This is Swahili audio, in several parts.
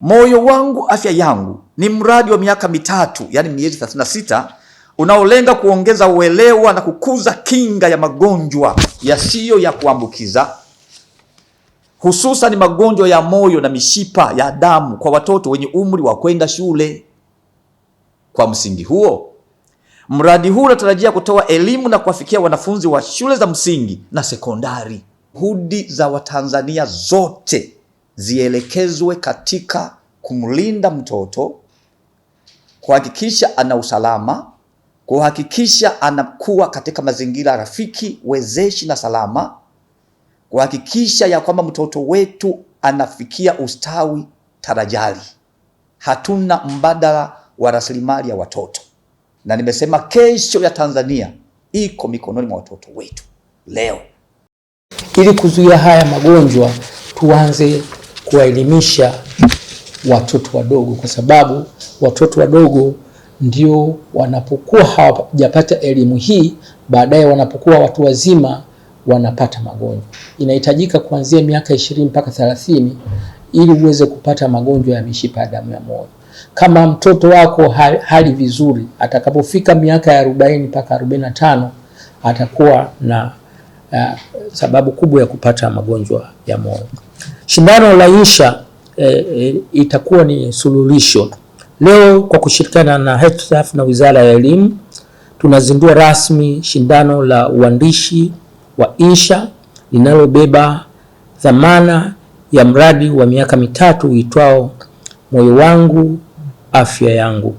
Moyo wangu afya yangu ni mradi wa miaka mitatu, yani miezi 36 unaolenga kuongeza uelewa na kukuza kinga ya magonjwa yasiyo ya kuambukiza, hususan magonjwa ya moyo na mishipa ya damu kwa watoto wenye umri wa kwenda shule. Kwa msingi huo, mradi huu unatarajia kutoa elimu na kuwafikia wanafunzi wa shule za msingi na sekondari. Juhudi za Watanzania zote zielekezwe katika kumlinda mtoto, kuhakikisha ana usalama, kuhakikisha anakuwa katika mazingira rafiki, wezeshi na salama, kuhakikisha ya kwamba mtoto wetu anafikia ustawi tarajali. Hatuna mbadala wa rasilimali ya watoto, na nimesema kesho ya Tanzania iko mikononi mwa watoto wetu leo. Ili kuzuia haya magonjwa tuanze kuwaelimisha watoto wadogo, kwa sababu watoto wadogo ndio wanapokuwa hawajapata elimu hii, baadaye wanapokuwa watu wazima wanapata magonjwa. Inahitajika kuanzia miaka ishirini mpaka thelathini ili uweze kupata magonjwa ya mishipa ya damu ya moyo. Kama mtoto wako hali vizuri, atakapofika miaka ya arobaini mpaka arobaini na tano atakuwa na uh, sababu kubwa ya kupata magonjwa ya moyo. Shindano la insha e, e, itakuwa ni suluhisho. Leo kwa kushirikiana na HETSAF na Wizara ya Elimu tunazindua rasmi shindano la uandishi wa insha linalobeba dhamana ya mradi wa miaka mitatu uitwao Moyo wangu afya yangu.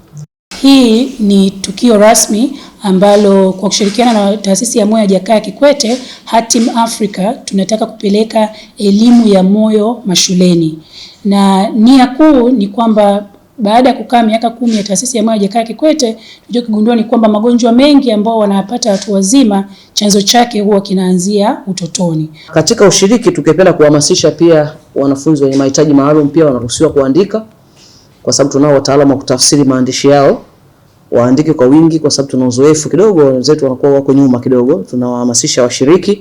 Hii ni tukio rasmi ambalo kwa kushirikiana na taasisi ya moyo ya Jakaya Kikwete Hatim Africa tunataka kupeleka elimu ya moyo mashuleni, na nia kuu ni kwamba baada ya kukaa miaka kumi ya taasisi ya moyo ya Jakaya Kikwete tulicho kugundua ni kwamba magonjwa mengi ambao wanapata watu wazima chanzo chake huwa kinaanzia utotoni. Katika ushiriki, tukipenda kuhamasisha pia wanafunzi wenye mahitaji maalum pia wanaruhusiwa kuandika, kwa sababu tunao wataalamu wa kutafsiri maandishi yao waandike kwa wingi, kwa sababu tuna uzoefu kidogo, wenzetu wanakuwa wako nyuma kidogo. Tunawahamasisha washiriki